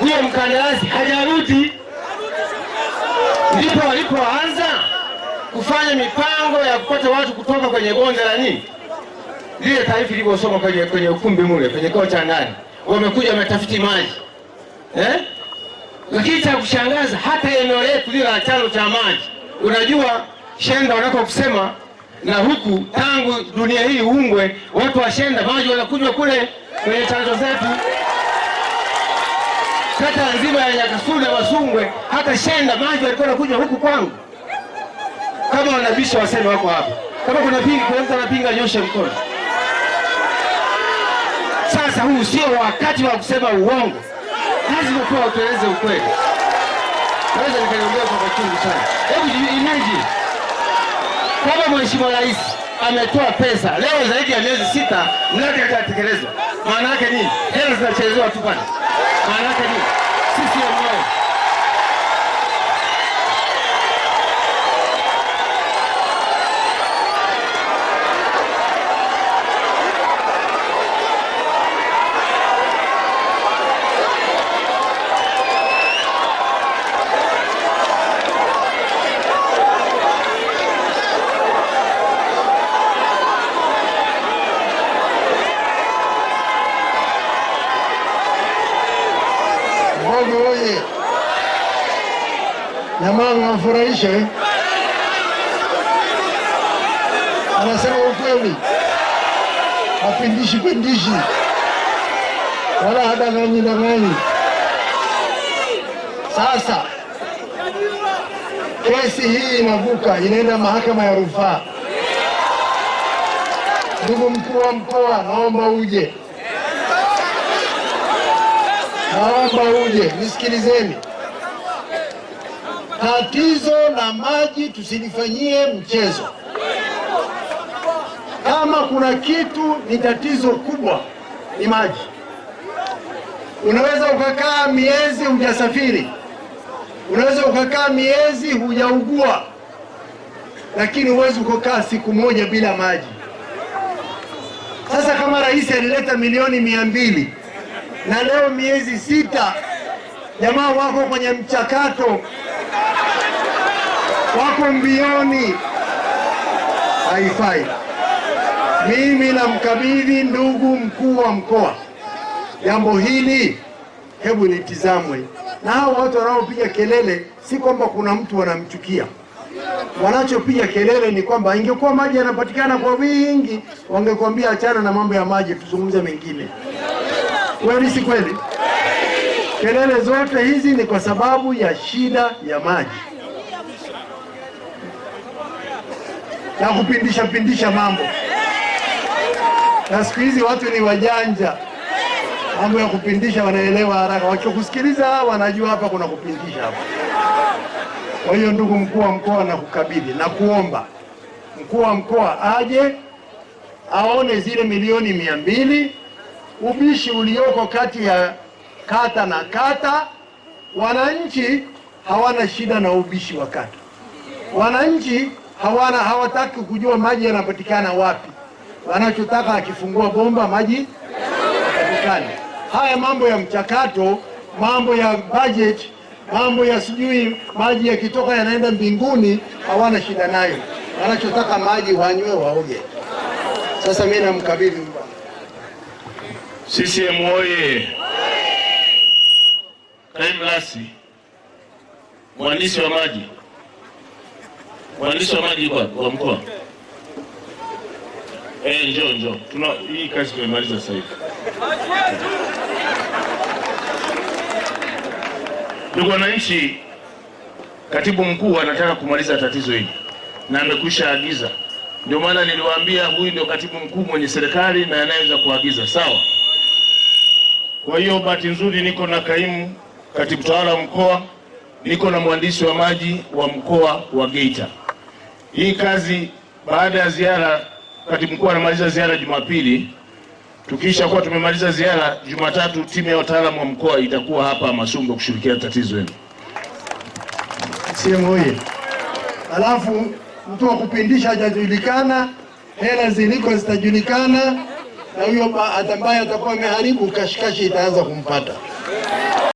huyo mkandarasi hajarudi, ndipo walipoanza kufanya mipango ya kupata watu kutoka kwenye bonde la nini lile taarifa ilivyosoma kwenye, kwenye ukumbi mule kwenye koo cha ndani, wamekuja wametafiti maji eh? Lakini cha kushangaza hata eneo letu lile la chalo cha maji, unajua Shenda wanakokusema na huku, tangu dunia hii uungwe, watu wa Shenda maji wanakunywa kule kwenye chanzo zetu kata nzima ya Nyakasulu ya Wasungwe, hata Shenda Maji walikuwa wanakuja huku kwangu. Kama wanabisha waseme wako hapa, kama kuna pingi, kuna mtu anapinga nyoshe mkono. Sasa huu sio wakati wa kusema uongo, lazima kuwa watueleze ukweli. Naweza nikaniongea kwa machungu sana. Hebu imagine kama mheshimiwa rais ametoa pesa leo zaidi ya miezi sita, mradi hatatekelezwa, maana yake nini? Hela zinachezewa tu pale maana yake ni CCM Jamaa mnafurahisha, eh? anasema ukweli, hapindishi pindishi wala hadanganyi danganyi. Sasa kesi hii inavuka, inaenda mahakama ya rufaa. Ndugu mkuu wa mkoa, naomba uje, naomba uje, nisikilizeni tatizo la maji tusilifanyie mchezo. Kama kuna kitu ni tatizo kubwa ni maji. Unaweza ukakaa miezi hujasafiri, unaweza ukakaa miezi hujaugua, lakini huwezi ukakaa siku moja bila maji. Sasa kama rais alileta milioni mia mbili na leo miezi sita Jamaa wako kwenye mchakato, wako mbioni, haifai. Mimi namkabidhi ndugu mkuu wa mkoa jambo hili, hebu litizamwe na hao watu wanaopiga kelele. Si kwamba kuna mtu wanamchukia, wanachopiga kelele ni kwamba ingekuwa maji yanapatikana kwa wingi, wangekwambia achana na mambo ya maji, tuzungumze mengine. Kweli si kweli? Kelele zote hizi ni kwa sababu ya shida ya maji na kupindisha pindisha mambo, na siku hizi watu ni wajanja, mambo ya kupindisha wanaelewa haraka. Wakiwakusikiliza wanajua hapa kuna kupindisha hapa. Kwa hiyo, ndugu mkuu wa mkoa, nakukabidhi na kuomba mkuu wa mkoa aje aone zile milioni mia mbili ubishi ulioko kati ya kata na kata. Wananchi hawana shida na ubishi wa kata, wananchi hawana hawataki kujua maji yanapatikana wapi. Wanachotaka akifungua bomba maji yapatikane. Haya mambo ya mchakato, mambo ya budget, mambo ya sijui maji yakitoka yanaenda mbinguni, hawana shida nayo. Wanachotaka maji wanywe, waoge. Sasa mimi namkabidhi CCM oye! Kaimu Lasi, mwandishi wa maji, mwandishi wa maji wa mkoa. e, eh, njo njo, tuna hii kazi tumemaliza sasa hivi. Ndugu wananchi, katibu mkuu anataka kumaliza tatizo hili na amekwisha agiza, ndio maana niliwaambia huyu ndio katibu mkuu mwenye serikali na anayeweza kuagiza, sawa. Kwa hiyo bahati nzuri niko na kaimu katibu tawala wa mkoa, niko na mwandishi wa maji wa mkoa wa Geita. Hii kazi baada ya ziara, katibu mkuu anamaliza ziara Jumapili. Tukisha kuwa tumemaliza ziara Jumatatu, timu ya wataalamu wa mkoa itakuwa hapa Masumba kushirikia tatizo hilo. Simu hii. alafu mtu wa kupindisha hajajulikana, hela ziliko zitajulikana, na huyo ambaye atakuwa ameharibu kashikashi itaanza kumpata.